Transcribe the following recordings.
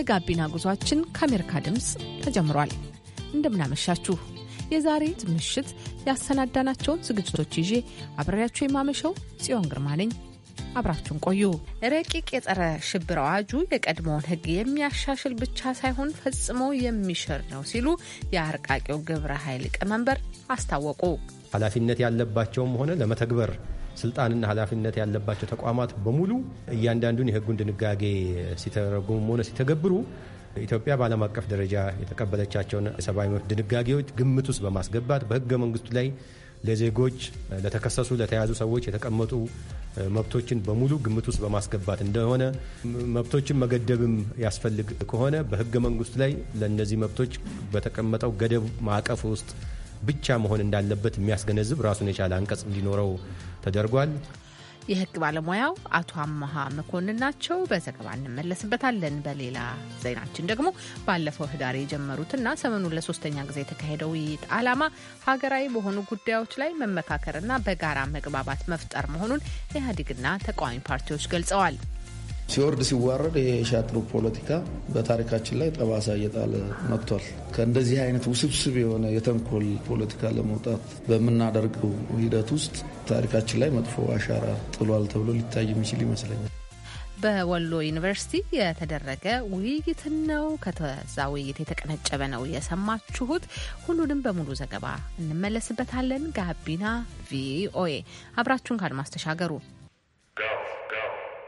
የጋቢና ጉዟችን ከአሜሪካ ድምፅ ተጀምሯል። እንደምናመሻችሁ የዛሬ ምሽት ያሰናዳናቸውን ዝግጅቶች ይዤ አብሬያችሁ የማመሸው ጽዮን ግርማ ነኝ። አብራችሁን ቆዩ። ረቂቅ የጸረ ሽብር አዋጁ የቀድሞውን ሕግ የሚያሻሽል ብቻ ሳይሆን ፈጽሞ የሚሽር ነው ሲሉ የአርቃቂው ግብረ ኃይል ሊቀመንበር አስታወቁ። ኃላፊነት ያለባቸውም ሆነ ለመተግበር ስልጣንና ኃላፊነት ያለባቸው ተቋማት በሙሉ እያንዳንዱን የህጉን ድንጋጌ ሲተረጉሙም ሆነ ሲተገብሩ ኢትዮጵያ በዓለም አቀፍ ደረጃ የተቀበለቻቸውን የሰብአዊ መብት ድንጋጌዎች ግምት ውስጥ በማስገባት በህገ መንግስቱ ላይ ለዜጎች ለተከሰሱ፣ ለተያዙ ሰዎች የተቀመጡ መብቶችን በሙሉ ግምት ውስጥ በማስገባት እንደሆነ መብቶችን መገደብም ያስፈልግ ከሆነ በህገ መንግስቱ ላይ ለእነዚህ መብቶች በተቀመጠው ገደብ ማዕቀፍ ውስጥ ብቻ መሆን እንዳለበት የሚያስገነዝብ ራሱን የቻለ አንቀጽ እንዲኖረው ተደርጓል። የህግ ባለሙያው አቶ አመሃ መኮንን ናቸው። በዘገባ እንመለስበታለን። በሌላ ዜናችን ደግሞ ባለፈው ህዳር የጀመሩትና ሰሞኑን ለሶስተኛ ጊዜ የተካሄደው ውይይት ዓላማ ሀገራዊ በሆኑ ጉዳዮች ላይ መመካከርና በጋራ መግባባት መፍጠር መሆኑን ኢህአዴግና ተቃዋሚ ፓርቲዎች ገልጸዋል። ሲወርድ ሲዋረድ የሻጥሩ ፖለቲካ በታሪካችን ላይ ጠባሳ እየጣለ መጥቷል። ከእንደዚህ አይነት ውስብስብ የሆነ የተንኮል ፖለቲካ ለመውጣት በምናደርገው ሂደት ውስጥ ታሪካችን ላይ መጥፎ አሻራ ጥሏል ተብሎ ሊታይ የሚችል ይመስለኛል። በወሎ ዩኒቨርሲቲ የተደረገ ውይይት ነው። ከዛ ውይይት የተቀነጨበ ነው የሰማችሁት። ሁሉንም በሙሉ ዘገባ እንመለስበታለን። ጋቢና ቪኦኤ አብራችሁን ካድማስ ተሻገሩ።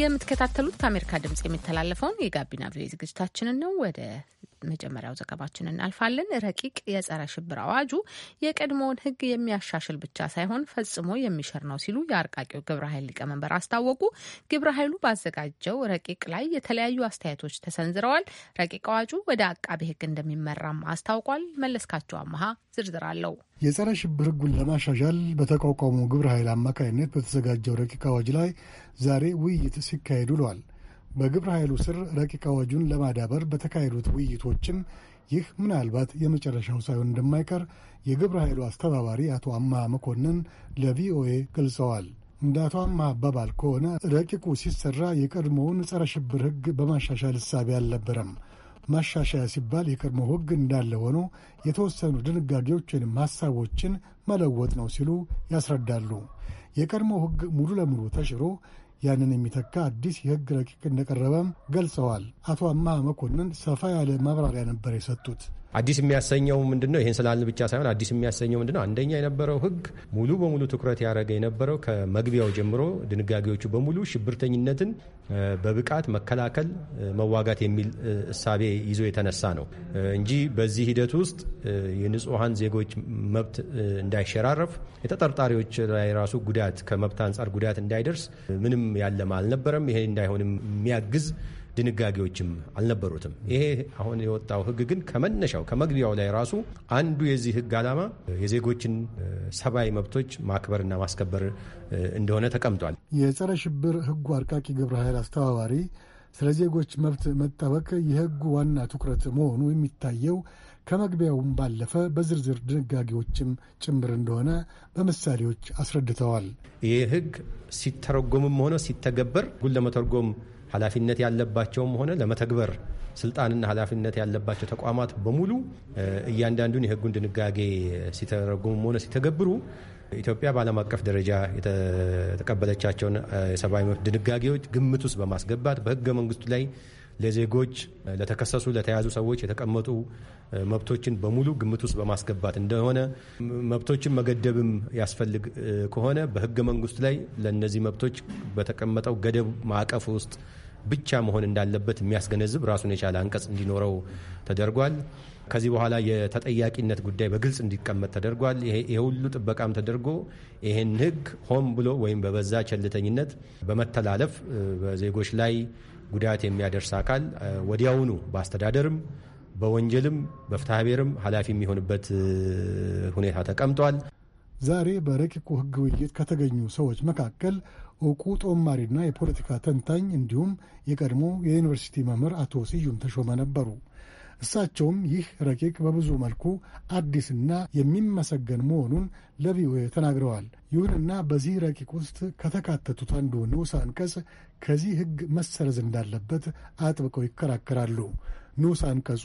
የምትከታተሉት ከአሜሪካ ድምጽ የሚተላለፈውን የጋቢና ቪ ዝግጅታችንን ነው። ወደ መጀመሪያው ዘገባችን እናልፋለን። ረቂቅ የጸረ ሽብር አዋጁ የቀድሞውን ሕግ የሚያሻሽል ብቻ ሳይሆን ፈጽሞ የሚሽር ነው ሲሉ የአርቃቂው ግብረ ኃይል ሊቀመንበር አስታወቁ። ግብረ ኃይሉ ባዘጋጀው ረቂቅ ላይ የተለያዩ አስተያየቶች ተሰንዝረዋል። ረቂቅ አዋጁ ወደ አቃቤ ሕግ እንደሚመራም አስታውቋል። መለስካቸው አመሃ ዝርዝር አለው። የጸረ ሽብር ህጉን ለማሻሻል በተቋቋመው ግብረ ኃይል አማካኝነት በተዘጋጀው ረቂቅ አዋጅ ላይ ዛሬ ውይይት ሲካሄድ ውሏል። በግብረ ኃይሉ ስር ረቂቅ አዋጁን ለማዳበር በተካሄዱት ውይይቶችም ይህ ምናልባት የመጨረሻው ሳይሆን እንደማይቀር የግብረ ኃይሉ አስተባባሪ አቶ አምሃ መኮንን ለቪኦኤ ገልጸዋል። እንደ አቶ አምሃ አባባል ከሆነ ረቂቁ ሲሰራ የቀድሞውን ጸረ ሽብር ህግ በማሻሻል እሳቤ አልነበረም። ማሻሻያ ሲባል የቀድሞ ሕግ እንዳለ ሆኖ የተወሰኑ ድንጋጌዎች ወይም ሀሳቦችን መለወጥ ነው ሲሉ ያስረዳሉ። የቀድሞ ሕግ ሙሉ ለሙሉ ተሽሮ ያንን የሚተካ አዲስ የሕግ ረቂቅ እንደቀረበም ገልጸዋል። አቶ አምሃ መኮንን ሰፋ ያለ ማብራሪያ ነበር የሰጡት። አዲስ የሚያሰኘው ምንድነው? ይህን ስላልን ብቻ ሳይሆን አዲስ የሚያሰኘው ነው አንደኛ የነበረው ህግ ሙሉ በሙሉ ትኩረት ያደረገ የነበረው ከመግቢያው ጀምሮ ድንጋጌዎቹ በሙሉ ሽብርተኝነትን በብቃት መከላከል፣ መዋጋት የሚል እሳቤ ይዞ የተነሳ ነው እንጂ በዚህ ሂደት ውስጥ የንጹሐን ዜጎች መብት እንዳይሸራረፍ የተጠርጣሪዎች ላይ ራሱ ጉዳት ከመብት አንጻር ጉዳት እንዳይደርስ ምንም ያለም አልነበረም። ይሄ እንዳይሆንም የሚያግዝ ድንጋጌዎችም አልነበሩትም። ይሄ አሁን የወጣው ህግ ግን ከመነሻው ከመግቢያው ላይ ራሱ አንዱ የዚህ ህግ ዓላማ የዜጎችን ሰብአዊ መብቶች ማክበርና ማስከበር እንደሆነ ተቀምጧል። የጸረ ሽብር ህጉ አርቃቂ ግብረ ኃይል አስተባባሪ ስለ ዜጎች መብት መጠበቅ የህጉ ዋና ትኩረት መሆኑ የሚታየው ከመግቢያውም ባለፈ በዝርዝር ድንጋጌዎችም ጭምር እንደሆነ በምሳሌዎች አስረድተዋል። ይህ ህግ ሲተረጎምም ሆነ ሲተገበር ጉን ለመተርጎም ኃላፊነት ያለባቸውም ሆነ ለመተግበር ስልጣንና ኃላፊነት ያለባቸው ተቋማት በሙሉ እያንዳንዱን የሕጉን ድንጋጌ ሲተረጉሙም ሆነ ሲተገብሩ ኢትዮጵያ በዓለም አቀፍ ደረጃ የተቀበለቻቸውን የሰብአዊ መብት ድንጋጌዎች ግምት ውስጥ በማስገባት በሕገ መንግስቱ ላይ ለዜጎች ለተከሰሱ ለተያዙ ሰዎች የተቀመጡ መብቶችን በሙሉ ግምት ውስጥ በማስገባት እንደሆነ መብቶችን መገደብም ያስፈልግ ከሆነ በሕገ መንግስቱ ላይ ለእነዚህ መብቶች በተቀመጠው ገደብ ማዕቀፍ ውስጥ ብቻ መሆን እንዳለበት የሚያስገነዝብ ራሱን የቻለ አንቀጽ እንዲኖረው ተደርጓል። ከዚህ በኋላ የተጠያቂነት ጉዳይ በግልጽ እንዲቀመጥ ተደርጓል። ይሄ ሁሉ ጥበቃም ተደርጎ ይሄን ሕግ ሆን ብሎ ወይም በበዛ ቸልተኝነት በመተላለፍ በዜጎች ላይ ጉዳት የሚያደርስ አካል ወዲያውኑ በአስተዳደርም በወንጀልም በፍትሐ ብሔርም ኃላፊ የሚሆንበት ሁኔታ ተቀምጧል። ዛሬ በረቂቁ ሕግ ውይይት ከተገኙ ሰዎች መካከል እውቁ ጦማሪና የፖለቲካ ተንታኝ እንዲሁም የቀድሞ የዩኒቨርሲቲ መምህር አቶ ስዩም ተሾመ ነበሩ። እሳቸውም ይህ ረቂቅ በብዙ መልኩ አዲስና የሚመሰገን መሆኑን ለቪኦኤ ተናግረዋል። ይሁንና በዚህ ረቂቅ ውስጥ ከተካተቱት አንዱ ንዑስ አንቀጽ ከዚህ ሕግ መሰረዝ እንዳለበት አጥብቀው ይከራከራሉ። ንዑስ አንቀጹ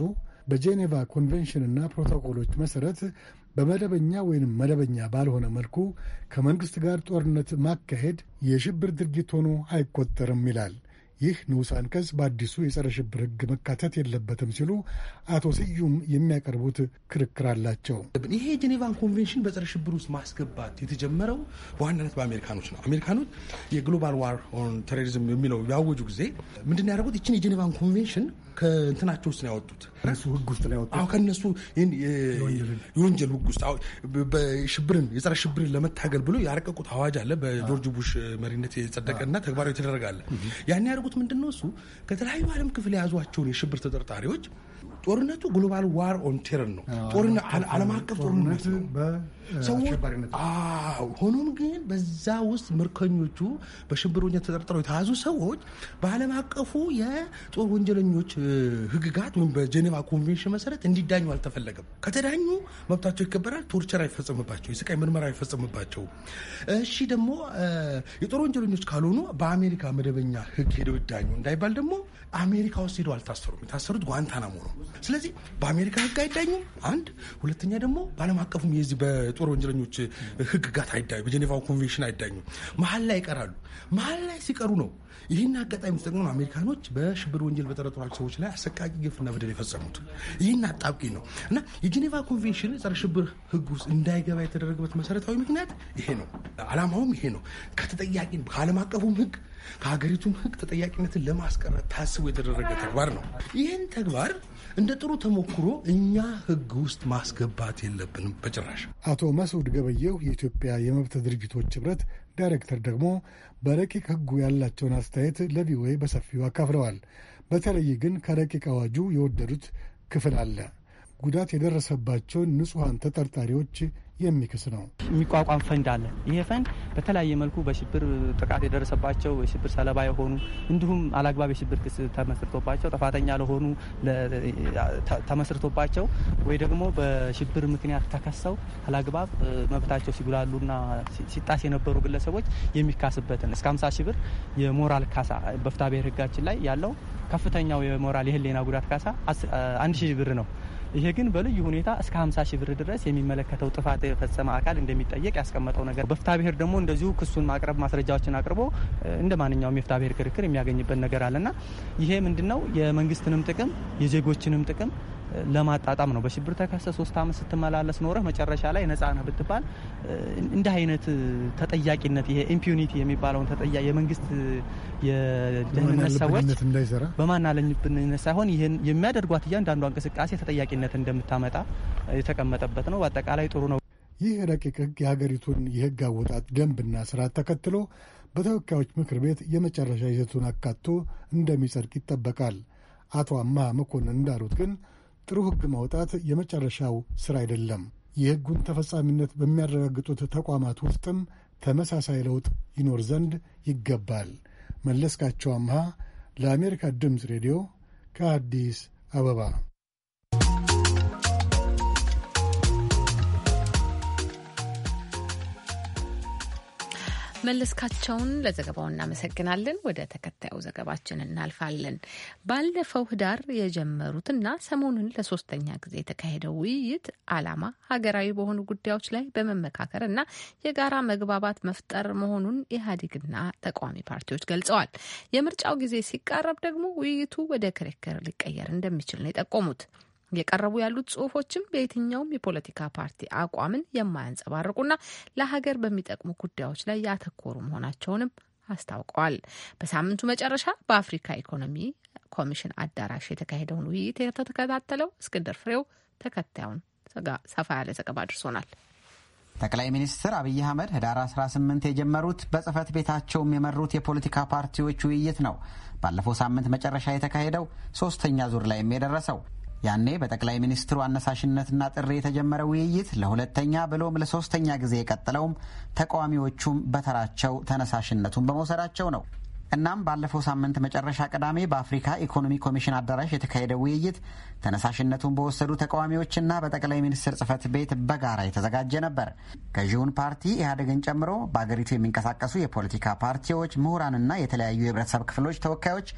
በጄኔቫ ኮንቬንሽንና ፕሮቶኮሎች መሠረት በመደበኛ ወይንም መደበኛ ባልሆነ መልኩ ከመንግሥት ጋር ጦርነት ማካሄድ የሽብር ድርጊት ሆኖ አይቆጠርም ይላል። ይህ ንዑስ አንቀጽ በአዲሱ የጸረ ሽብር ሕግ መካተት የለበትም ሲሉ አቶ ስዩም የሚያቀርቡት ክርክር አላቸው። ይሄ የጄኔቫን ኮንቬንሽን በጸረ ሽብር ውስጥ ማስገባት የተጀመረው በዋናነት በአሜሪካኖች ነው። አሜሪካኖች የግሎባል ዋር ኦን ቴሮሪዝም የሚለው ያወጁ ጊዜ ምንድን ያደረጉት ይችን የጄኔቫን ኮንቬንሽን ከእንትናቸው ውስጥ ነው ያወጡት፣ ህግ ውስጥ ነው ያወጡት። የወንጀል ህግ ውስጥ ሽብርን የጸረ ሽብርን ለመታገል ብሎ ያረቀቁት አዋጅ አለ በጆርጅ ቡሽ መሪነት የጸደቀና ተግባራዊ የተደረገ ያን ያደርጉት ምንድን ነው እሱ ከተለያዩ ዓለም ክፍል የያዟቸውን የሽብር ተጠርጣሪዎች ጦርነቱ ግሎባል ዋር ኦን ቴረር ነው። ዓለም አቀፍ ጦርነት ነው። ሆኖም ግን በዛ ውስጥ ምርኮኞቹ በሽብሮኛ ተጠርጥረው የተያዙ ሰዎች በዓለም አቀፉ የጦር ወንጀለኞች ሕግጋት ወይም በጀኔቫ ኮንቬንሽን መሰረት እንዲዳኙ አልተፈለገም። ከተዳኙ መብታቸው ይከበራል። ቶርቸር አይፈጸምባቸው፣ የስቃይ ምርመራ አይፈጽምባቸው። እሺ ደግሞ የጦር ወንጀለኞች ካልሆኑ በአሜሪካ መደበኛ ሕግ ሄደው ይዳኙ እንዳይባል ደግሞ አሜሪካ ውስጥ ሄደው አልታሰሩም። የታሰሩት ጓንታናሞ ነው። ስለዚህ በአሜሪካ ህግ አይዳኙም። አንድ ሁለተኛ ደግሞ በዓለም አቀፉም የዚህ በጦር ወንጀለኞች ህግ ጋት አይዳኙ፣ በጀኔቫው ኮንቬንሽን አይዳኙ። መሀል ላይ ይቀራሉ። መሀል ላይ ሲቀሩ ነው ይህን አጋጣሚ ተጠቅመው አሜሪካኖች በሽብር ወንጀል በጠረጠሯቸው ሰዎች ላይ አሰቃቂ ግፍና በደል የፈጸሙት ይህን አጣብቂ ነው እና የጄኔቫ ኮንቬንሽን ጸረ ሽብር ህግ ውስጥ እንዳይገባ የተደረገበት መሰረታዊ ምክንያት ይሄ ነው። አላማውም ይሄ ነው። ከተጠያቂ ከዓለም አቀፉም ህግ ከሀገሪቱም ሕግ ተጠያቂነትን ለማስቀረት ታስቦ የተደረገ ተግባር ነው። ይህን ተግባር እንደ ጥሩ ተሞክሮ እኛ ሕግ ውስጥ ማስገባት የለብንም በጭራሽ። አቶ መስዑድ ገበየሁ የኢትዮጵያ የመብት ድርጅቶች ህብረት ዳይሬክተር ደግሞ በረቂቅ ሕጉ ያላቸውን አስተያየት ለቪኦኤ በሰፊው አካፍለዋል። በተለይ ግን ከረቂቅ አዋጁ የወደዱት ክፍል አለ ጉዳት የደረሰባቸውን ንጹሐን ተጠርጣሪዎች የሚክስ ነው። የሚቋቋም ፈንድ አለ። ይሄ ፈንድ በተለያየ መልኩ በሽብር ጥቃት የደረሰባቸው የሽብር ሰለባ የሆኑ እንዲሁም አላግባብ የሽብር ክስ ተመስርቶባቸው ጥፋተኛ ለሆኑ ተመስርቶባቸው ወይ ደግሞ በሽብር ምክንያት ተከሰው አላግባብ መብታቸው ሲጉላሉና ሲጣስ የነበሩ ግለሰቦች የሚካስበትን እስከ 50 ሺህ ብር የሞራል ካሳ በፍትሐ ብሔር ሕጋችን ላይ ያለው ከፍተኛው የሞራል የህሊና ጉዳት ካሳ አንድ ሺህ ብር ነው። ይሄ ግን በልዩ ሁኔታ እስከ 50 ሺህ ብር ድረስ የሚመለከተው ጥፋት የፈጸመ አካል እንደሚጠየቅ ያስቀመጠው ነገር በፍታ ብሔር ደግሞ እንደዚሁ ክሱን ማቅረብ ማስረጃዎችን አቅርቦ እንደ ማንኛውም የፍታ ብሔር ክርክር የሚያገኝበት ነገር አለና ይሄ ምንድነው የመንግስትንም ጥቅም የዜጎችንም ጥቅም ለማጣጣም ነው። በሽብር ተከሰ ሶስት ዓመት ስትመላለስ ኖረህ መጨረሻ ላይ ነጻ ነህ ብትባል እንዲህ አይነት ተጠያቂነት ይሄ ኢምፒዩኒቲ የሚባለውን ተጠያ የመንግስት የደህንነት ሰዎች በማናለኝብንነት ሳይሆን ይህን የሚያደርጓት እያንዳንዷ እንቅስቃሴ ተጠያቂነት እንደምታመጣ የተቀመጠበት ነው። በአጠቃላይ ጥሩ ነው። ይህ ረቂቅ ህግ የሀገሪቱን የህግ አወጣት ደንብና ስርዓት ተከትሎ በተወካዮች ምክር ቤት የመጨረሻ ይዘቱን አካቶ እንደሚጸድቅ ይጠበቃል። አቶ አማ መኮንን እንዳሉት ግን ጥሩ ሕግ ማውጣት የመጨረሻው ስራ አይደለም። የሕጉን ተፈጻሚነት በሚያረጋግጡት ተቋማት ውስጥም ተመሳሳይ ለውጥ ይኖር ዘንድ ይገባል። መለስካቸው አምሃ ለአሜሪካ ድምፅ ሬዲዮ ከአዲስ አበባ መለስካቸውን ለዘገባው እናመሰግናለን። ወደ ተከታዩ ዘገባችን እናልፋለን። ባለፈው ህዳር የጀመሩትና ሰሞኑን ለሶስተኛ ጊዜ የተካሄደው ውይይት ዓላማ ሀገራዊ በሆኑ ጉዳዮች ላይ በመመካከር እና የጋራ መግባባት መፍጠር መሆኑን ኢህአዴግና ተቃዋሚ ፓርቲዎች ገልጸዋል። የምርጫው ጊዜ ሲቃረብ ደግሞ ውይይቱ ወደ ክርክር ሊቀየር እንደሚችል ነው የጠቆሙት። የቀረቡ ያሉት ጽሁፎችም በየትኛውም የፖለቲካ ፓርቲ አቋምን የማያንጸባርቁና ለሀገር በሚጠቅሙ ጉዳዮች ላይ ያተኮሩ መሆናቸውንም አስታውቀዋል። በሳምንቱ መጨረሻ በአፍሪካ ኢኮኖሚ ኮሚሽን አዳራሽ የተካሄደውን ውይይት የተከታተለው እስክንድር ፍሬው ተከታዩን ሰፋ ያለ ዘገባ አድርሶናል። ጠቅላይ ሚኒስትር አብይ አህመድ ህዳር 18 የጀመሩት በጽህፈት ቤታቸውም የመሩት የፖለቲካ ፓርቲዎች ውይይት ነው። ባለፈው ሳምንት መጨረሻ የተካሄደው ሶስተኛ ዙር ላይም የደረሰው ያኔ በጠቅላይ ሚኒስትሩ አነሳሽነትና ጥሪ የተጀመረ ውይይት ለሁለተኛ ብሎም ለሶስተኛ ጊዜ የቀጠለውም ተቃዋሚዎቹም በተራቸው ተነሳሽነቱን በመውሰዳቸው ነው። እናም ባለፈው ሳምንት መጨረሻ ቅዳሜ በአፍሪካ ኢኮኖሚ ኮሚሽን አዳራሽ የተካሄደ ውይይት ተነሳሽነቱን በወሰዱ ተቃዋሚዎችና በጠቅላይ ሚኒስትር ጽህፈት ቤት በጋራ የተዘጋጀ ነበር። ገዢውን ፓርቲ ኢህአዴግን ጨምሮ በአገሪቱ የሚንቀሳቀሱ የፖለቲካ ፓርቲዎች፣ ምሁራንና የተለያዩ የህብረተሰብ ክፍሎች ተወካዮች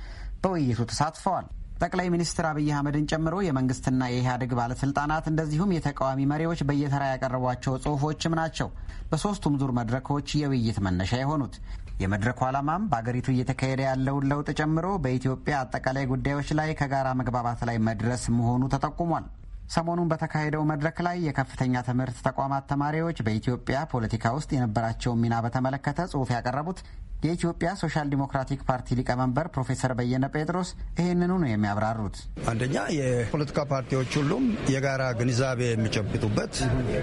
በውይይቱ ተሳትፈዋል። ጠቅላይ ሚኒስትር አብይ አህመድን ጨምሮ የመንግስትና የኢህአዴግ ባለስልጣናት እንደዚሁም የተቃዋሚ መሪዎች በየተራ ያቀረቧቸው ጽሁፎችም ናቸው በሶስቱም ዙር መድረኮች የውይይት መነሻ የሆኑት። የመድረኩ ዓላማም በአገሪቱ እየተካሄደ ያለውን ለውጥ ጨምሮ በኢትዮጵያ አጠቃላይ ጉዳዮች ላይ ከጋራ መግባባት ላይ መድረስ መሆኑ ተጠቁሟል። ሰሞኑን በተካሄደው መድረክ ላይ የከፍተኛ ትምህርት ተቋማት ተማሪዎች በኢትዮጵያ ፖለቲካ ውስጥ የነበራቸውን ሚና በተመለከተ ጽሑፍ ያቀረቡት የኢትዮጵያ ሶሻል ዲሞክራቲክ ፓርቲ ሊቀመንበር ፕሮፌሰር በየነ ጴጥሮስ ይህንኑ ነው የሚያብራሩት። አንደኛ የፖለቲካ ፓርቲዎች ሁሉም የጋራ ግንዛቤ የሚጨብጡበት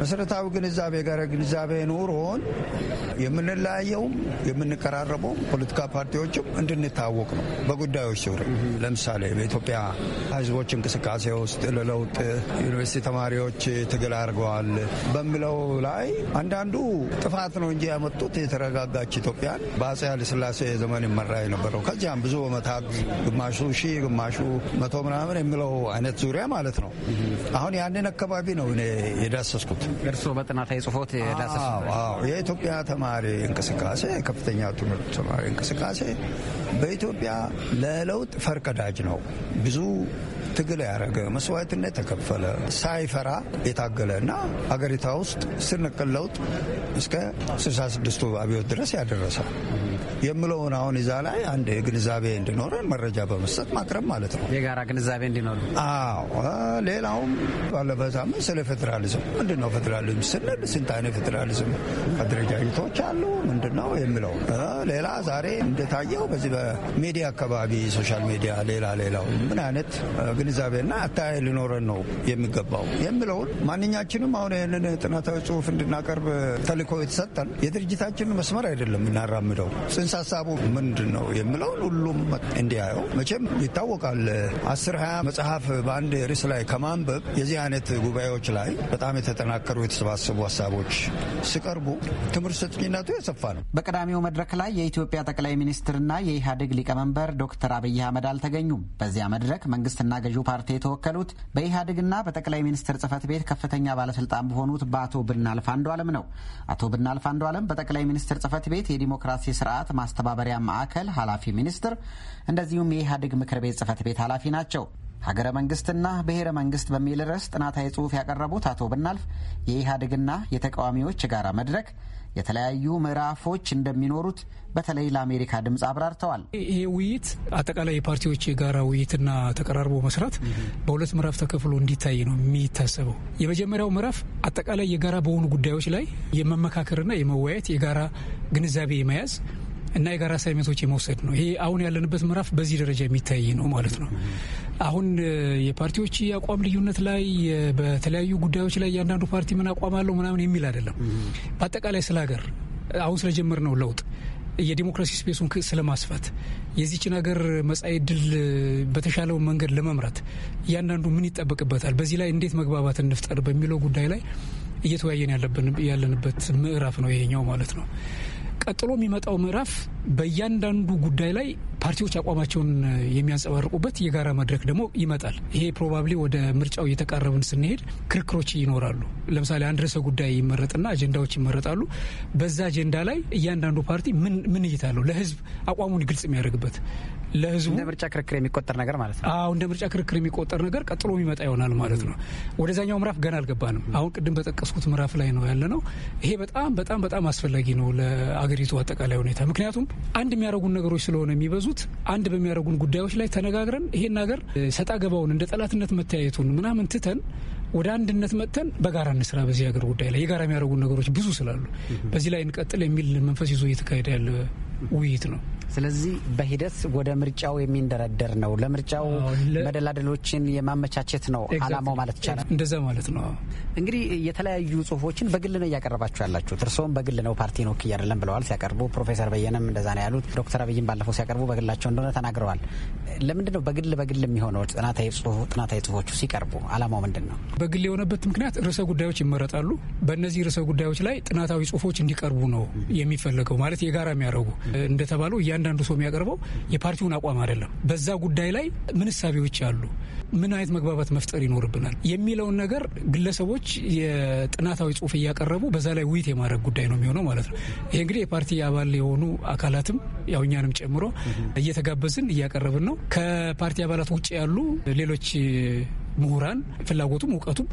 መሰረታዊ ግንዛቤ የጋራ ግንዛቤ ኑሮን የምንለያየውም የምንቀራረበው ፖለቲካ ፓርቲዎችም እንድንታወቅ ነው። በጉዳዮች ዙሪያ ለምሳሌ በኢትዮጵያ ሕዝቦች እንቅስቃሴ ውስጥ ለለውጥ ዩኒቨርሲቲ ተማሪዎች ትግል አድርገዋል በሚለው ላይ አንዳንዱ ጥፋት ነው እንጂ ያመጡት የተረጋጋች ኢትዮጵያን በአፄ ኃይለሥላሴ ዘመን ይመራ የነበረው ከዚያም ብዙ በመታት ግማሹ ሺ ግማሹ መቶ ምናምን የሚለው አይነት ዙሪያ ማለት ነው። አሁን ያንን አካባቢ ነው እኔ የዳሰስኩት። እርስዎ በጥናታዊ ጽሁፎት የዳሰሱት የኢትዮጵያ ተማሪ እንቅስቃሴ ከፍተኛ ትምህርት ተማሪ እንቅስቃሴ በኢትዮጵያ ለለውጥ ፈርቀዳጅ ነው ብዙ ትግል ያደረገ መስዋዕትነት ተከፈለ ሳይፈራ የታገለ እና አገሪቷ ውስጥ ስንቅል ለውጥ እስከ 66ቱ አብዮት ድረስ ያደረሰ የምለውን አሁን እዛ ላይ አንድ ግንዛቤ እንዲኖረን መረጃ በመስጠት ማቅረብ ማለት ነው። የጋራ ግንዛቤ እንዲኖር። አዎ ሌላውም ባለፈ ሳምንት ስለ ፌዴራሊዝም ምንድን ነው ፌዴራሊዝም ስንል ስንት አይነት ፌዴራሊዝም አደረጃጀቶች አሉ ምንድን ነው የምለው። ሌላ ዛሬ እንደታየው በዚህ በሚዲያ አካባቢ ሶሻል ሚዲያ ሌላ ሌላው ምን አይነት ግንዛቤና አታያይ ሊኖረን ነው የሚገባው የምለውን ማንኛችንም አሁን ይህንን ጥናታዊ ጽሁፍ እንድናቀርብ ተልእኮ የተሰጠን የድርጅታችንን መስመር አይደለም የምናራምደው ጽንሰ ሀሳቡ ምንድን ነው የምለው ሁሉም እንዲያየው መቼም ይታወቃል። አስር ሀያ መጽሐፍ በአንድ ርዕስ ላይ ከማንበብ የዚህ አይነት ጉባኤዎች ላይ በጣም የተጠናከሩ የተሰባሰቡ ሀሳቦች ሲቀርቡ ትምህርት ሰጥኝነቱ የሰፋ ነው። በቀዳሚው መድረክ ላይ የኢትዮጵያ ጠቅላይ ሚኒስትርና የኢህአዴግ ሊቀመንበር ዶክተር አብይ አህመድ አልተገኙም። በዚያ መድረክ መንግስትና ገዢው ፓርቲ የተወከሉት በኢህአዴግና በጠቅላይ ሚኒስትር ጽህፈት ቤት ከፍተኛ ባለስልጣን በሆኑት በአቶ ብናልፍ አንዱ አለም ነው። አቶ ብናልፍ አንዱ አለም በጠቅላይ ሚኒስትር ጽህፈት ቤት የዲሞክራሲ ስርዓት ማስተባበሪያ ማዕከል ኃላፊ ሚኒስትር እንደዚሁም የኢህአዴግ ምክር ቤት ጽህፈት ቤት ኃላፊ ናቸው። ሀገረ መንግስትና ብሔረ መንግስት በሚል ርዕስ ጥናታዊ ጽሑፍ ያቀረቡት አቶ ብናልፍ የኢህአዴግና የተቃዋሚዎች የጋራ መድረክ የተለያዩ ምዕራፎች እንደሚኖሩት በተለይ ለአሜሪካ ድምፅ አብራርተዋል። ይሄ ውይይት አጠቃላይ የፓርቲዎች የጋራ ውይይትና ተቀራርቦ መስራት በሁለት ምዕራፍ ተከፍሎ እንዲታይ ነው የሚታሰበው። የመጀመሪያው ምዕራፍ አጠቃላይ የጋራ በሆኑ ጉዳዮች ላይ የመመካከርና የመወያየት የጋራ ግንዛቤ የመያዝ እና የጋራ ሳይመቶች የመውሰድ ነው። ይሄ አሁን ያለንበት ምዕራፍ በዚህ ደረጃ የሚታይ ነው ማለት ነው። አሁን የፓርቲዎች የአቋም ልዩነት ላይ በተለያዩ ጉዳዮች ላይ እያንዳንዱ ፓርቲ ምን አቋም አለው ምናምን የሚል አይደለም። በአጠቃላይ ስለ ሀገር አሁን ስለጀመር ነው ለውጥ የዲሞክራሲ ስፔሱን ስለማስፋት የዚችን ሀገር መጻኢ ዕድል በተሻለው መንገድ ለመምራት እያንዳንዱ ምን ይጠበቅበታል፣ በዚህ ላይ እንዴት መግባባት እንፍጠር በሚለው ጉዳይ ላይ እየተወያየን ያለንበት ምዕራፍ ነው ይሄኛው ማለት ነው። ቀጥሎ የሚመጣው ምዕራፍ በእያንዳንዱ ጉዳይ ላይ ፓርቲዎች አቋማቸውን የሚያንጸባርቁበት የጋራ መድረክ ደግሞ ይመጣል። ይሄ ፕሮባብሊ ወደ ምርጫው እየተቃረብን ስንሄድ ክርክሮች ይኖራሉ። ለምሳሌ አንድ ርዕሰ ጉዳይ ይመረጥና አጀንዳዎች ይመረጣሉ። በዛ አጀንዳ ላይ እያንዳንዱ ፓርቲ ምን ምን እይታለሁ ለህዝብ አቋሙን ግልጽ የሚያደርግበት ለህዝቡ እንደ ምርጫ ክርክር የሚቆጠር ነገር ማለት ነው። አዎ እንደ ምርጫ ክርክር የሚቆጠር ነገር ቀጥሎ የሚመጣ ይሆናል ማለት ነው። ወደዛኛው ምዕራፍ ገና አልገባንም። አሁን ቅድም በጠቀስኩት ምዕራፍ ላይ ነው ያለ ነው። ይሄ በጣም በጣም በጣም አስፈላጊ ነው ለአገሪቱ አጠቃላይ ሁኔታ። ምክንያቱም አንድ የሚያደረጉን ነገሮች ስለሆነ የሚበዙት አንድ በሚያደረጉን ጉዳዮች ላይ ተነጋግረን ይሄን ሀገር ሰጣ ገባውን እንደ ጠላትነት መተያየቱን ምናምን ትተን ወደ አንድነት መጥተን በጋራ እንስራ። በዚህ ሀገር ጉዳይ ላይ የጋራ የሚያደረጉን ነገሮች ብዙ ስላሉ በዚህ ላይ እንቀጥል የሚል መንፈስ ይዞ እየተካሄደ ያለ ውይይት ነው። ስለዚህ በሂደት ወደ ምርጫው የሚንደረደር ነው። ለምርጫው መደላደሎችን የማመቻቸት ነው አላማው ማለት ይቻላል። እንደዛ ማለት ነው። እንግዲህ የተለያዩ ጽሁፎችን በግል ነው እያቀረባችሁ ያላችሁት። እርስዎም በግል ነው ፓርቲን ወክዬ አይደለም ብለዋል ሲያቀርቡ። ፕሮፌሰር በየነም እንደዛ ነው ያሉት። ዶክተር አብይም ባለፈው ሲያቀርቡ በግላቸው እንደሆነ ተናግረዋል። ለምንድን ነው በግል በግል የሚሆነው? ጥናታዊ ጽሁፎቹ ሲቀርቡ አላማው ምንድን ነው? በግል የሆነበት ምክንያት ርዕሰ ጉዳዮች ይመረጣሉ። በእነዚህ ርዕሰ ጉዳዮች ላይ ጥናታዊ ጽሁፎች እንዲቀርቡ ነው የሚፈለገው ማለት የጋራ የሚያደርጉ እንደተባለው እያንዳንዱ ሰው የሚያቀርበው የፓርቲውን አቋም አይደለም። በዛ ጉዳይ ላይ ምን እሳቤዎች አሉ፣ ምን አይነት መግባባት መፍጠር ይኖርብናል የሚለውን ነገር ግለሰቦች የጥናታዊ ጽሁፍ እያቀረቡ በዛ ላይ ውይይት የማድረግ ጉዳይ ነው የሚሆነው ማለት ነው። ይሄ እንግዲህ የፓርቲ አባል የሆኑ አካላትም ያው እኛንም ጨምሮ እየተጋበዝን እያቀረብን ነው። ከፓርቲ አባላት ውጭ ያሉ ሌሎች ምሁራን ፍላጎቱም እውቀቱም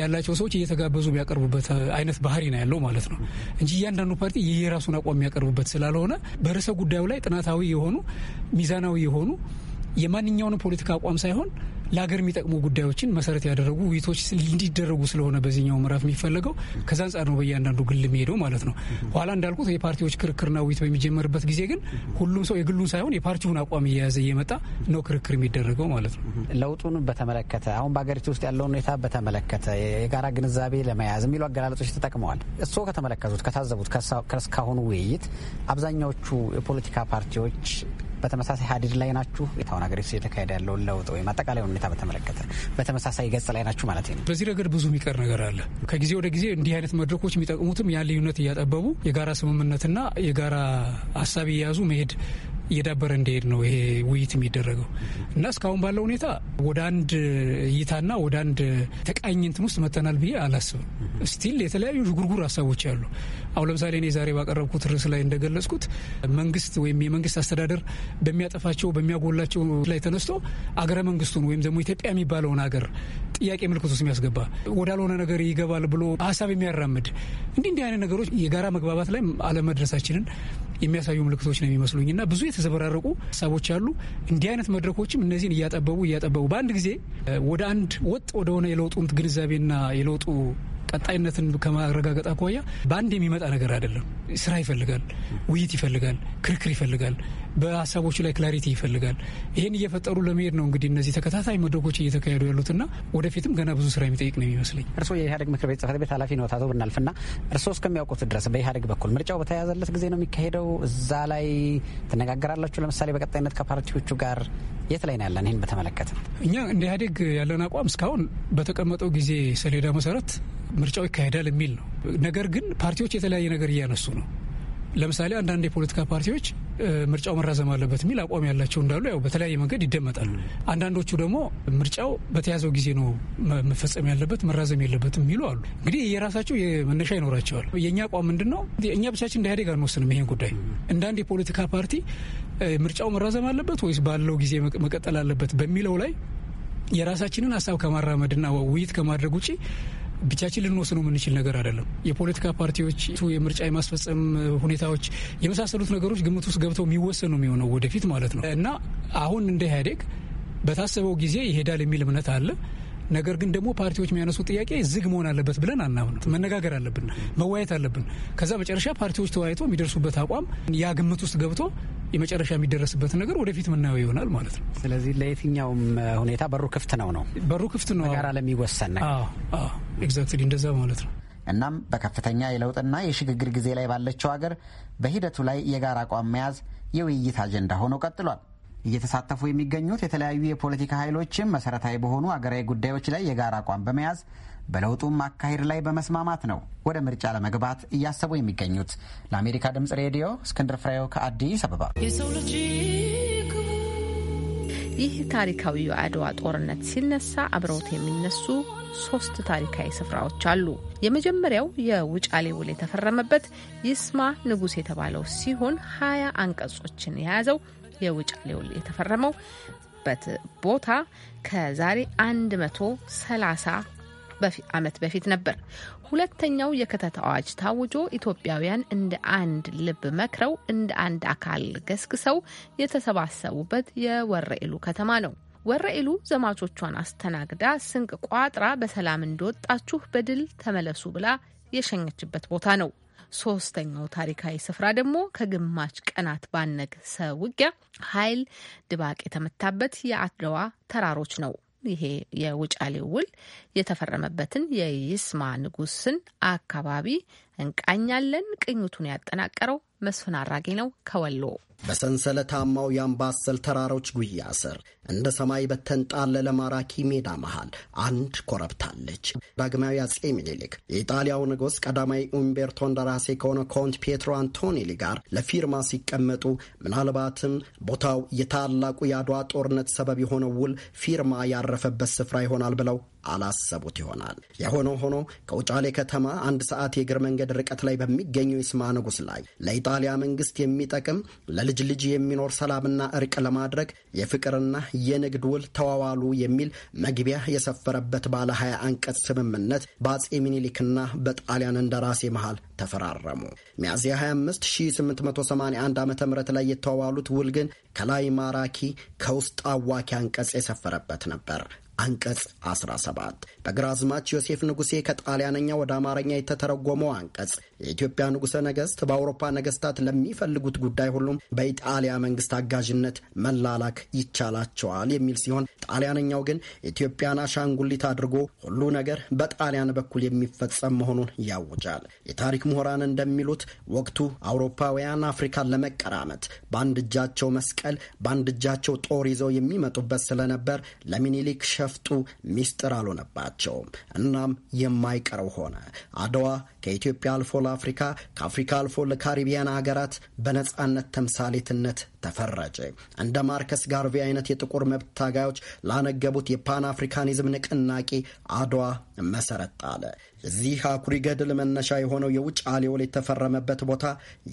ያላቸው ሰዎች እየተጋበዙ የሚያቀርቡበት አይነት ባህሪ ነው ያለው ማለት ነው እንጂ እያንዳንዱ ፓርቲ የየራሱን አቋም የሚያቀርቡበት ስላልሆነ በርዕሰ ጉዳዩ ላይ ጥናታዊ የሆኑ ሚዛናዊ የሆኑ የማንኛውንም ፖለቲካ አቋም ሳይሆን ለሀገር የሚጠቅሙ ጉዳዮችን መሰረት ያደረጉ ውይይቶች እንዲደረጉ ስለሆነ በዚህኛው ምዕራፍ የሚፈለገው ከዛ አንጻር ነው በእያንዳንዱ ግል የሚሄደው ማለት ነው። ኋላ እንዳልኩት የፓርቲዎች ክርክርና ውይይት በሚጀመርበት ጊዜ ግን ሁሉም ሰው የግሉን ሳይሆን የፓርቲውን አቋም እየያዘ እየመጣ ነው ክርክር የሚደረገው ማለት ነው። ለውጡን በተመለከተ አሁን በሀገሪቱ ውስጥ ያለውን ሁኔታ በተመለከተ የጋራ ግንዛቤ ለመያዝ የሚሉ አገላለጾች ተጠቅመዋል። እርስዎ ከተመለከቱት ከታዘቡት ከእስካሁኑ ውይይት አብዛኛዎቹ የፖለቲካ ፓርቲዎች በተመሳሳይ ሀዲድ ላይ ናችሁ። የታውን ሀገሪቱ እየተካሄደ ያለውን ለውጥ ወይም አጠቃላይ ሁኔታ በተመለከተ በተመሳሳይ ገጽ ላይ ናችሁ ማለት ነው። በዚህ ረገድ ብዙ የሚቀር ነገር አለ። ከጊዜ ወደ ጊዜ እንዲህ አይነት መድረኮች የሚጠቅሙትም ያን ልዩነት እያጠበቡ የጋራ ስምምነትና የጋራ ሀሳብ እየያዙ መሄድ እየዳበረ እንዲሄድ ነው ይሄ ውይይት የሚደረገው እና እስካሁን ባለው ሁኔታ ወደ አንድ እይታና ወደ አንድ ተቃኝንትን ውስጥ መተናል ብዬ አላስብም። ስቲል የተለያዩ ጉርጉር ሀሳቦች አሉ። አሁን ለምሳሌ እኔ ዛሬ ባቀረብኩት ርዕስ ላይ እንደገለጽኩት መንግስት ወይም የመንግስት አስተዳደር በሚያጠፋቸው በሚያጎላቸው ላይ ተነስቶ አገረ መንግስቱን ወይም ደግሞ ኢትዮጵያ የሚባለውን አገር ጥያቄ ምልክት ውስጥ የሚያስገባ ወዳልሆነ ነገር ይገባል ብሎ ሀሳብ የሚያራምድ እንዲህ እንዲህ አይነት ነገሮች የጋራ መግባባት ላይ አለመድረሳችንን የሚያሳዩ ምልክቶች ነው የሚመስሉኝ እና ብዙ የተዘበራረቁ ሀሳቦች አሉ። እንዲህ አይነት መድረኮችም እነዚህን እያጠበቡ እያጠበቡ በአንድ ጊዜ ወደ አንድ ወጥ ወደሆነ የለውጡን ግንዛቤና የለውጡ ቀጣይነትን ከማረጋገጥ አኳያ በአንድ የሚመጣ ነገር አይደለም። ስራ ይፈልጋል፣ ውይይት ይፈልጋል፣ ክርክር ይፈልጋል፣ በሀሳቦች ላይ ክላሪቲ ይፈልጋል። ይህን እየፈጠሩ ለመሄድ ነው እንግዲህ እነዚህ ተከታታይ መድረኮች እየተካሄዱ ያሉትና ወደፊትም ገና ብዙ ስራ የሚጠይቅ ነው የሚመስለኝ። እርስዎ የኢህአዴግ ምክር ቤት ጽህፈት ቤት ኃላፊ ነው አቶ ብናልፍና እርስዎ እስከሚያውቁት ድረስ በኢህአዴግ በኩል ምርጫው በተያያዘለት ጊዜ ነው የሚካሄደው። እዛ ላይ ትነጋገራላችሁ? ለምሳሌ በቀጣይነት ከፓርቲዎቹ ጋር የት ላይ ነው ያለን? ይህን በተመለከተ እኛ እንደ ኢህአዴግ ያለን አቋም እስካሁን በተቀመጠው ጊዜ ሰሌዳ መሰረት ምርጫው ይካሄዳል የሚል ነው። ነገር ግን ፓርቲዎች የተለያየ ነገር እያነሱ ነው። ለምሳሌ አንዳንድ የፖለቲካ ፓርቲዎች ምርጫው መራዘም አለበት የሚል አቋም ያላቸው እንዳሉ ያው በተለያየ መንገድ ይደመጣል። አንዳንዶቹ ደግሞ ምርጫው በተያዘው ጊዜ ነው መፈጸም ያለበት መራዘም የለበትም የሚሉ አሉ። እንግዲህ የራሳቸው መነሻ ይኖራቸዋል። የእኛ አቋም ምንድን ነው? እኛ ብቻችን እንደ ኢህአዴግ አንወስንም። ይሄን ጉዳይ እንዳንድ የፖለቲካ ፓርቲ ምርጫው መራዘም አለበት ወይስ ባለው ጊዜ መቀጠል አለበት በሚለው ላይ የራሳችንን ሀሳብ ከማራመድና ውይይት ከማድረግ ውጪ ብቻችን ልንወስነው የምንችል ነገር አይደለም። የፖለቲካ ፓርቲዎች የምርጫ የማስፈጸም ሁኔታዎች የመሳሰሉት ነገሮች ግምት ውስጥ ገብተው የሚወሰኑ የሚሆነው ወደፊት ማለት ነው እና አሁን እንደ ኢህአዴግ በታሰበው ጊዜ ይሄዳል የሚል እምነት አለ። ነገር ግን ደግሞ ፓርቲዎች የሚያነሱ ጥያቄ ዝግ መሆን አለበት ብለን አናምንም። መነጋገር አለብን፣ መወያየት አለብን። ከዛ መጨረሻ ፓርቲዎች ተወያይቶ የሚደርሱበት አቋም ያ ግምት ውስጥ ገብቶ የመጨረሻ የሚደረስበት ነገር ወደፊት ምናየው ይሆናል ማለት ነው። ስለዚህ ለየትኛውም ሁኔታ በሩ ክፍት ነው ነው በሩ ክፍት ነው ጋራ ለሚወሰን ነገር ኤግዛክትሊ እንደዛ ማለት ነው። እናም በከፍተኛ የለውጥና የሽግግር ጊዜ ላይ ባለችው ሀገር በሂደቱ ላይ የጋራ አቋም መያዝ የውይይት አጀንዳ ሆኖ ቀጥሏል። እየተሳተፉ የሚገኙት የተለያዩ የፖለቲካ ኃይሎችም መሰረታዊ በሆኑ አገራዊ ጉዳዮች ላይ የጋራ አቋም በመያዝ በለውጡም አካሄድ ላይ በመስማማት ነው ወደ ምርጫ ለመግባት እያሰቡ የሚገኙት። ለአሜሪካ ድምጽ ሬዲዮ እስክንድር ፍሬው ከአዲስ አበባ። ይህ ታሪካዊ የአድዋ ጦርነት ሲነሳ አብረውት የሚነሱ ሶስት ታሪካዊ ስፍራዎች አሉ። የመጀመሪያው የውጫሌ ውል የተፈረመበት ይስማ ንጉስ የተባለው ሲሆን ሀያ አንቀጾችን የያዘው የውጫሌ ውል የተፈረመው በት ቦታ ከዛሬ 130 ዓመት በፊት ነበር። ሁለተኛው የክተት አዋጅ ታውጆ ኢትዮጵያውያን እንደ አንድ ልብ መክረው እንደ አንድ አካል ገስግሰው የተሰባሰቡበት የወረኤሉ ከተማ ነው። ወረኤሉ ዘማቾቿን አስተናግዳ ስንቅ ቋጥራ በሰላም እንደወጣችሁ በድል ተመለሱ ብላ የሸኘችበት ቦታ ነው። ሶስተኛው ታሪካዊ ስፍራ ደግሞ ከግማሽ ቀናት ባነገሰ ውጊያ ኃይል ድባቅ የተመታበት የአድዋ ተራሮች ነው። ይሄ የውጫሌ ውል የተፈረመበትን የይስማ ንጉስን አካባቢ እንቃኛለን። ቅኝቱን ያጠናቀረው መስፍን አራጌ ነው ከወሎ። በሰንሰለታማው የአምባሰል ተራሮች ጉያ ስር እንደ ሰማይ በተንጣለለ ማራኪ ሜዳ መሃል አንድ ኮረብታለች። ዳግማዊ አጼ ሚኒሊክ የኢጣሊያው ንጉሥ ቀዳማዊ ኡምቤርቶ እንደራሴ ከሆነ ኮንት ፔትሮ አንቶኒሊ ጋር ለፊርማ ሲቀመጡ ምናልባትም ቦታው የታላቁ የአድዋ ጦርነት ሰበብ የሆነው ውል ፊርማ ያረፈበት ስፍራ ይሆናል ብለው አላሰቡት ይሆናል። የሆነ ሆኖ ከውጫሌ ከተማ አንድ ሰዓት የእግር መንገድ ርቀት ላይ በሚገኘው ይስማ ንጉሥ ላይ ለኢጣሊያ መንግስት የሚጠቅም ለልጅ ልጅ የሚኖር ሰላምና እርቅ ለማድረግ የፍቅርና የንግድ ውል ተዋዋሉ የሚል መግቢያ የሰፈረበት ባለ ሀያ አንቀጽ ስምምነት በአጼ ሚኒሊክና በጣሊያን እንደራሴ መሃል ተፈራረሙ። ሚያዝያ 25 1881 ዓ ም ላይ የተዋዋሉት ውል ግን ከላይ ማራኪ ከውስጥ አዋኪ አንቀጽ የሰፈረበት ነበር። አንቀጽ 17 በግራዝማች ዮሴፍ ንጉሴ ከጣሊያንኛ ወደ አማርኛ የተተረጎመው አንቀጽ የኢትዮጵያ ንጉሠ ነገሥት በአውሮፓ ነገሥታት ለሚፈልጉት ጉዳይ ሁሉም በኢጣሊያ መንግሥት አጋዥነት መላላክ ይቻላቸዋል የሚል ሲሆን ጣሊያንኛው ግን ኢትዮጵያን አሻንጉሊት አድርጎ ሁሉ ነገር በጣሊያን በኩል የሚፈጸም መሆኑን ያውጃል። የታሪክ ምሁራን እንደሚሉት ወቅቱ አውሮፓውያን አፍሪካን ለመቀራመት በአንድ እጃቸው መስቀል፣ በአንድ እጃቸው ጦር ይዘው የሚመጡበት ስለነበር ለሚኒሊክ መሸፍጡ ሚስጥር አልሆነባቸውም። እናም የማይቀረው ሆነ። አድዋ ከኢትዮጵያ አልፎ ለአፍሪካ፣ ከአፍሪካ አልፎ ለካሪቢያን ሀገራት በነጻነት ተምሳሌትነት ተፈረጀ። እንደ ማርከስ ጋርቬ አይነት የጥቁር መብት ታጋዮች ላነገቡት የፓን አፍሪካኒዝም ንቅናቄ አድዋ መሰረት ጣለ። እዚህ አኩሪ ገድል መነሻ የሆነው የውጭ አሊዮል የተፈረመበት ቦታ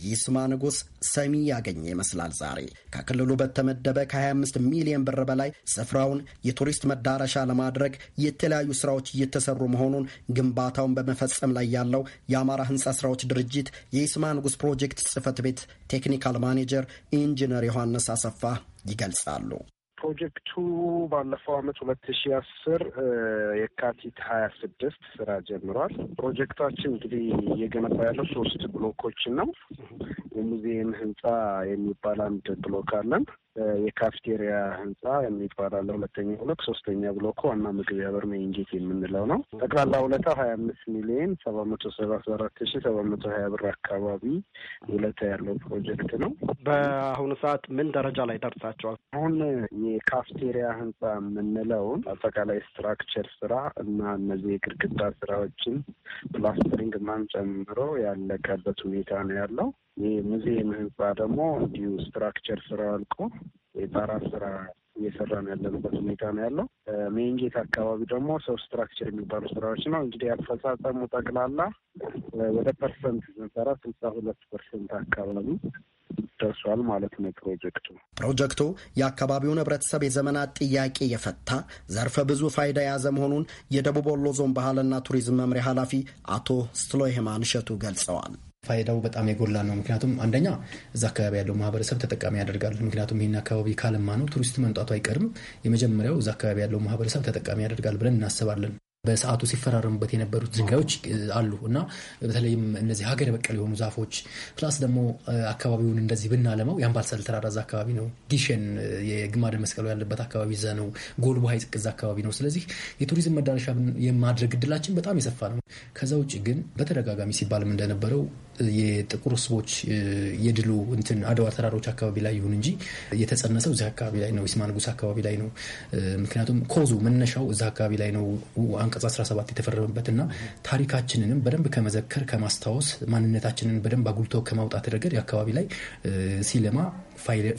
ይስማ ንጉሥ ሰሚ ያገኘ ይመስላል። ዛሬ ከክልሉ በተመደበ ከ25 ሚሊዮን ብር በላይ ስፍራውን የቱሪስት መዳረሻ ለማድረግ የተለያዩ ስራዎች እየተሰሩ መሆኑን ግንባታውን በመፈጸም ላይ ያለው የአማራ ህንፃ ስራዎች ድርጅት የይስማ ንጉሥ ፕሮጀክት ጽህፈት ቤት ቴክኒካል ማኔጀር ኢንጂነር ዶክተር ዮሐንስ አሰፋ ይገልጻሉ። ፕሮጀክቱ ባለፈው አመት ሁለት ሺ አስር የካቲት ሀያ ስድስት ስራ ጀምሯል። ፕሮጀክታችን እንግዲህ እየገነባ ያለው ሶስት ብሎኮችን ነው። የሙዚየም ህንፃ የሚባል አንድ ብሎክ አለን። የካፍቴሪያ ህንፃ የሚባላለ ሁለተኛ ብሎክ፣ ሶስተኛ ብሎክ ዋና መግቢያ በር ሜይን የምንለው ነው። ጠቅላላ ሁለታ ሀያ አምስት ሚሊዮን ሰባ መቶ ሰባት አራት ሺ ሰባ መቶ ሀያ ብር አካባቢ ውለታ ያለው ፕሮጀክት ነው። በአሁኑ ሰዓት ምን ደረጃ ላይ ደርሳቸዋል? አሁን የካፍቴሪያ ህንፃ የምንለውን አጠቃላይ ስትራክቸር ስራ እና እነዚህ የግድግዳ ስራዎችን ፕላስተሪንግ ማን ጨምሮ ያለቀበት ሁኔታ ነው ያለው። የሙዚየም ህንፃ ደግሞ እንዲሁ ስትራክቸር ስራ አልቆ የጣራ ስራ እየሰራን ያለንበት ሁኔታ ነው ያለው። ሜን ጌት አካባቢ ደግሞ ሰው ስትራክቸር የሚባሉ ስራዎች ነው እንግዲህ አፈጻጸሙ ጠቅላላ ወደ ፐርሰንት ስንሰራ ስልሳ ሁለት ፐርሰንት አካባቢ ደርሷል ማለት ነው። ፕሮጀክቱ ፕሮጀክቱ የአካባቢውን ህብረተሰብ የዘመናት ጥያቄ የፈታ ዘርፈ ብዙ ፋይዳ የያዘ መሆኑን የደቡብ ወሎ ዞን ባህልና ቱሪዝም መምሪያ ኃላፊ አቶ ስትሎይህማን ሸቱ ገልጸዋል። ፋይዳው በጣም የጎላ ነው። ምክንያቱም አንደኛ እዛ አካባቢ ያለው ማህበረሰብ ተጠቃሚ ያደርጋል። ምክንያቱም ይህን አካባቢ ካለማ ነው ቱሪስት መምጣቱ አይቀርም። የመጀመሪያው እዛ አካባቢ ያለው ማህበረሰብ ተጠቃሚ ያደርጋል ብለን እናስባለን። በሰዓቱ ሲፈራረሙበት የነበሩት ድንጋዮች አሉ እና በተለይም እነዚህ ሀገር በቀል የሆኑ ዛፎች ፕላስ ደግሞ አካባቢውን እንደዚህ ብናለመው የአምባልሰል ተራራዝ አካባቢ ነው። ጊሸን የግማደ መስቀሉ ያለበት አካባቢ እዛ ነው። ጎልባ ሐይቅ አካባቢ ነው። ስለዚህ የቱሪዝም መዳረሻ የማድረግ እድላችን በጣም የሰፋ ነው። ከዛ ውጭ ግን በተደጋጋሚ ሲባልም እንደነበረው የጥቁር ህዝቦች የድሉ እንትን አድዋ ተራሮች አካባቢ ላይ ይሁን እንጂ የተጸነሰው እዚህ አካባቢ ላይ ነው። ስማንጉስ አካባቢ ላይ ነው። ምክንያቱም ኮዙ መነሻው እዛ አካባቢ ላይ ነው። አንቀጽ 17 የተፈረመበትና ታሪካችንንም በደንብ ከመዘከር ከማስታወስ ማንነታችንን በደንብ አጉልቶ ከማውጣት ረገድ የአካባቢ ላይ ሲለማ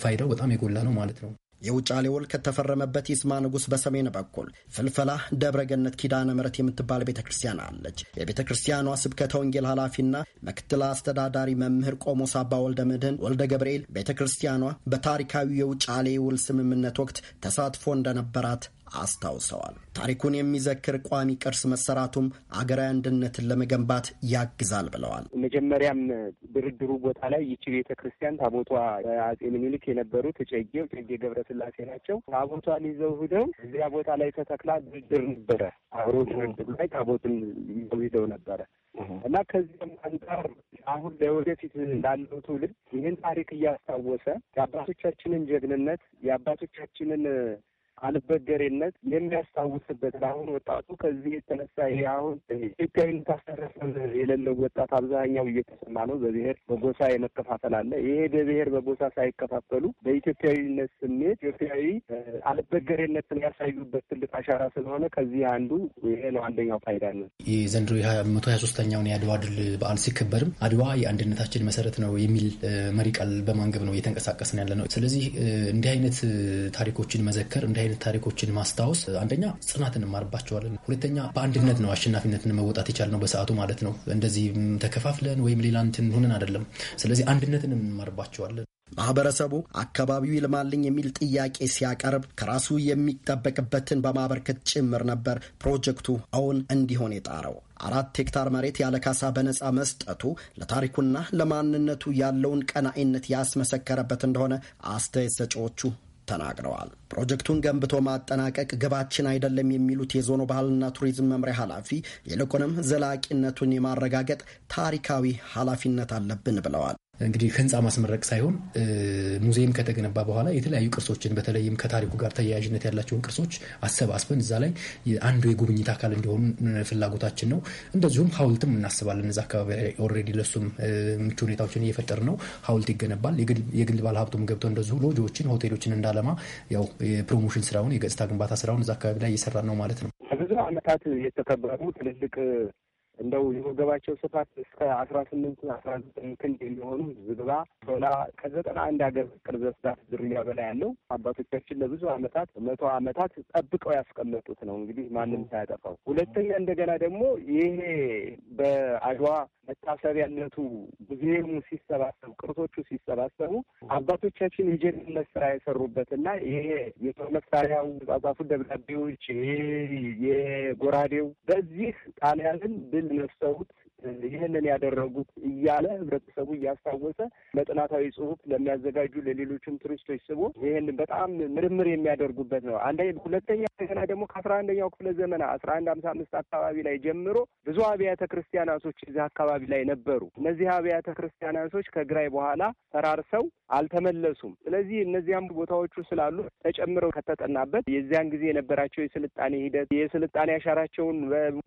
ፋይዳው በጣም የጎላ ነው ማለት ነው። የውጫሌ ውል ከተፈረመበት ይስማ ንጉሥ በሰሜን በኩል ፍልፈላ ደብረገነት ኪዳነ ምረት የምትባል ቤተ ክርስቲያን አለች። የቤተ ክርስቲያኗ ስብከተ ወንጌል ኃላፊና ምክትል አስተዳዳሪ መምህር ቆሞስ አባ ወልደ ምድህን ወልደ ገብርኤል ቤተ ክርስቲያኗ በታሪካዊ የውጫሌ ውል ስምምነት ወቅት ተሳትፎ እንደነበራት አስታውሰዋል። ታሪኩን የሚዘክር ቋሚ ቅርስ መሰራቱም አገራዊ አንድነትን ለመገንባት ያግዛል ብለዋል። መጀመሪያም ድርድሩ ቦታ ላይ ይቺ ቤተ ክርስቲያን ታቦቷ አጼ ምኒልክ የነበሩት እጨጌ እጨጌ ገብረስላሴ ናቸው። ታቦቷን ይዘው ሂደው እዚያ ቦታ ላይ ተተክላ ድርድር ነበረ። አብሮ ድርድር ላይ ታቦትን ይዘው ሂደው ነበረ እና ከዚህም አንጻር አሁን ለወደፊት ላለው ትውልድ ይህን ታሪክ እያስታወሰ የአባቶቻችንን ጀግንነት የአባቶቻችንን አልበገሬነት የሚያስታውስበት አሁን ወጣቱ ከዚህ የተነሳ ይሄ አሁን ኢትዮጵያዊነት አስተሳሰብ የሌለው ወጣት አብዛኛው እየተሰማ ነው። በብሔር በጎሳ የመከፋፈል አለ። ይሄ በብሔር በጎሳ ሳይከፋፈሉ በኢትዮጵያዊነት ስሜት ኢትዮጵያዊ አልበገሬነትን ያሳዩበት ትልቅ አሻራ ስለሆነ ከዚህ አንዱ ይሄ ነው። አንደኛው ፋይዳ ነው። የዘንድሮ መቶ ሀያ ሶስተኛውን የአድዋ ድል በዓል ሲከበርም አድዋ የአንድነታችን መሰረት ነው የሚል መሪ ቃል በማንገብ ነው እየተንቀሳቀስን ያለ ነው። ስለዚህ እንዲህ አይነት ታሪኮችን መዘከር እንዲ አይነት ታሪኮችን ማስታወስ አንደኛ ጽናት እንማርባቸዋለን፣ ሁለተኛ በአንድነት ነው አሸናፊነትን መወጣት የቻልነው በሰዓቱ ማለት ነው። እንደዚህ ተከፋፍለን ወይም ሌላ እንትን ሆነን አይደለም። ስለዚህ አንድነትን እንማርባቸዋለን። ማህበረሰቡ አካባቢው ይልማልኝ የሚል ጥያቄ ሲያቀርብ ከራሱ የሚጠበቅበትን በማበርከት ጭምር ነበር ፕሮጀክቱ አሁን እንዲሆን የጣረው። አራት ሄክታር መሬት ያለ ካሳ በነፃ መስጠቱ ለታሪኩና ለማንነቱ ያለውን ቀናኢነት ያስመሰከረበት እንደሆነ አስተያየት ሰጪዎቹ ተናግረዋል። ፕሮጀክቱን ገንብቶ ማጠናቀቅ ግባችን አይደለም የሚሉት የዞኑ ባህልና ቱሪዝም መምሪያ ኃላፊ ይልቁንም ዘላቂነቱን የማረጋገጥ ታሪካዊ ኃላፊነት አለብን ብለዋል። እንግዲህ ህንፃ ማስመረቅ ሳይሆን ሙዚየም ከተገነባ በኋላ የተለያዩ ቅርሶችን በተለይም ከታሪኩ ጋር ተያያዥነት ያላቸውን ቅርሶች አሰባስበን እዛ ላይ አንዱ የጉብኝት አካል እንዲሆኑ ፍላጎታችን ነው። እንደዚሁም ሀውልትም እናስባለን። እዛ አካባቢ ላይ ኦልሬዲ ለሱም ምቹ ሁኔታዎችን እየፈጠር ነው። ሀውልት ይገነባል። የግል ባለሀብቱም ሀብቱም ገብተው እንደዚሁ ሎጆዎችን፣ ሆቴሎችን እንዳለማ ያው የፕሮሞሽን ስራውን የገጽታ ግንባታ ስራውን እዛ አካባቢ ላይ እየሰራ ነው ማለት ነው። ብዙ አመታት የተከበሩ ትልልቅ እንደው የወገባቸው ስፋት እስከ አስራ ስምንት አስራ ዘጠኝ ክንድ የሚሆኑ ዝግባ፣ ሾላ ከዘጠና አንድ ሀገር ቅርዘት ስዳት ዝርያ በላይ ያለው አባቶቻችን ለብዙ አመታት መቶ ዓመታት ጠብቀው ያስቀመጡት ነው። እንግዲህ ማንም ሳያጠፋው። ሁለተኛ እንደገና ደግሞ ይሄ በአድዋ መታሰቢያነቱ ሙዚየሙ ሲሰባሰቡ፣ ቅርሶቹ ሲሰባሰቡ አባቶቻችን የጀግንነት ስራ የሰሩበትና ይሄ የጦር መሳሪያው የተጻጻፉ ደብዳቤዎች፣ ይሄ የጎራዴው በዚህ ጣሊያንን ድል ነፍሰውት ይህንን ያደረጉት እያለ ህብረተሰቡ እያስታወሰ ለጥናታዊ ጽሁፍ ለሚያዘጋጁ ለሌሎችም ቱሪስቶች ስቦ ይህን በጣም ምርምር የሚያደርጉበት ነው። አንደ ሁለተኛ ገና ደግሞ ከአስራ አንደኛው ክፍለ ዘመና አስራ አንድ ሀምሳ አምስት አካባቢ ላይ ጀምሮ ብዙ አብያተ ክርስቲያናቶች እዚህ አካባቢ ላይ ነበሩ። እነዚህ አብያተ ክርስቲያናቶች ከግራይ በኋላ ፈራርሰው አልተመለሱም። ስለዚህ እነዚያም ቦታዎቹ ስላሉ ተጨምረው ከተጠናበት የዚያን ጊዜ የነበራቸው የስልጣኔ ሂደት የስልጣኔ አሻራቸውን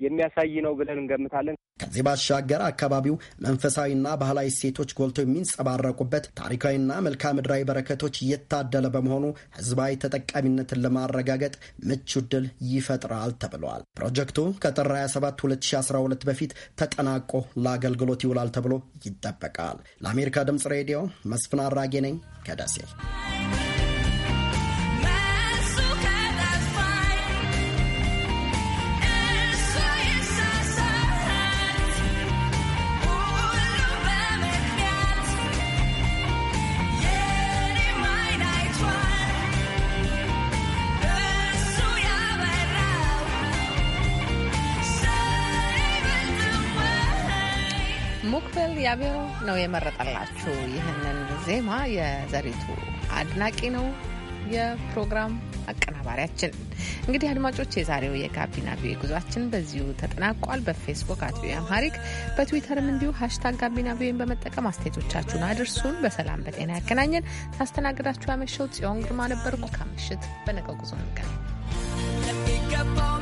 የሚያሳይ ነው ብለን እንገምታለን። ከዚህ ባሻገር አካባቢው መንፈሳዊና ባህላዊ እሴቶች ጎልተው የሚንጸባረቁበት ታሪካዊና መልክዓ ምድራዊ በረከቶች እየታደለ በመሆኑ ህዝባዊ ተጠቃሚነትን ለማረጋገጥ ምቹ ድል ይፈጥራል ተብለዋል። ፕሮጀክቱ ከጥር 27 2012 በፊት ተጠናቆ ለአገልግሎት ይውላል ተብሎ ይጠበቃል። ለአሜሪካ ድምፅ ሬዲዮ መስፍን አራጌ ነኝ ከደሴ ነው የመረጠላችሁ ይህንን ዜማ። የዘሪቱ አድናቂ ነው የፕሮግራም አቀናባሪያችን። እንግዲህ አድማጮች የዛሬው የጋቢና ቪኦኤ ጉዟችን በዚሁ ተጠናቋል። በፌስቡክ አት ቪኦኤ በትዊተርም እንዲሁ ሀሽታግ ጋቢና ቪኦኤን በመጠቀም አስተያየቶቻችሁን አድርሱን። በሰላም በጤና ያገናኘን። ሳስተናግዳችሁ ያመሸው ጽዮን ግርማ ነበርኩ። ከምሽት በነገው ጉዞ እንገናኝ።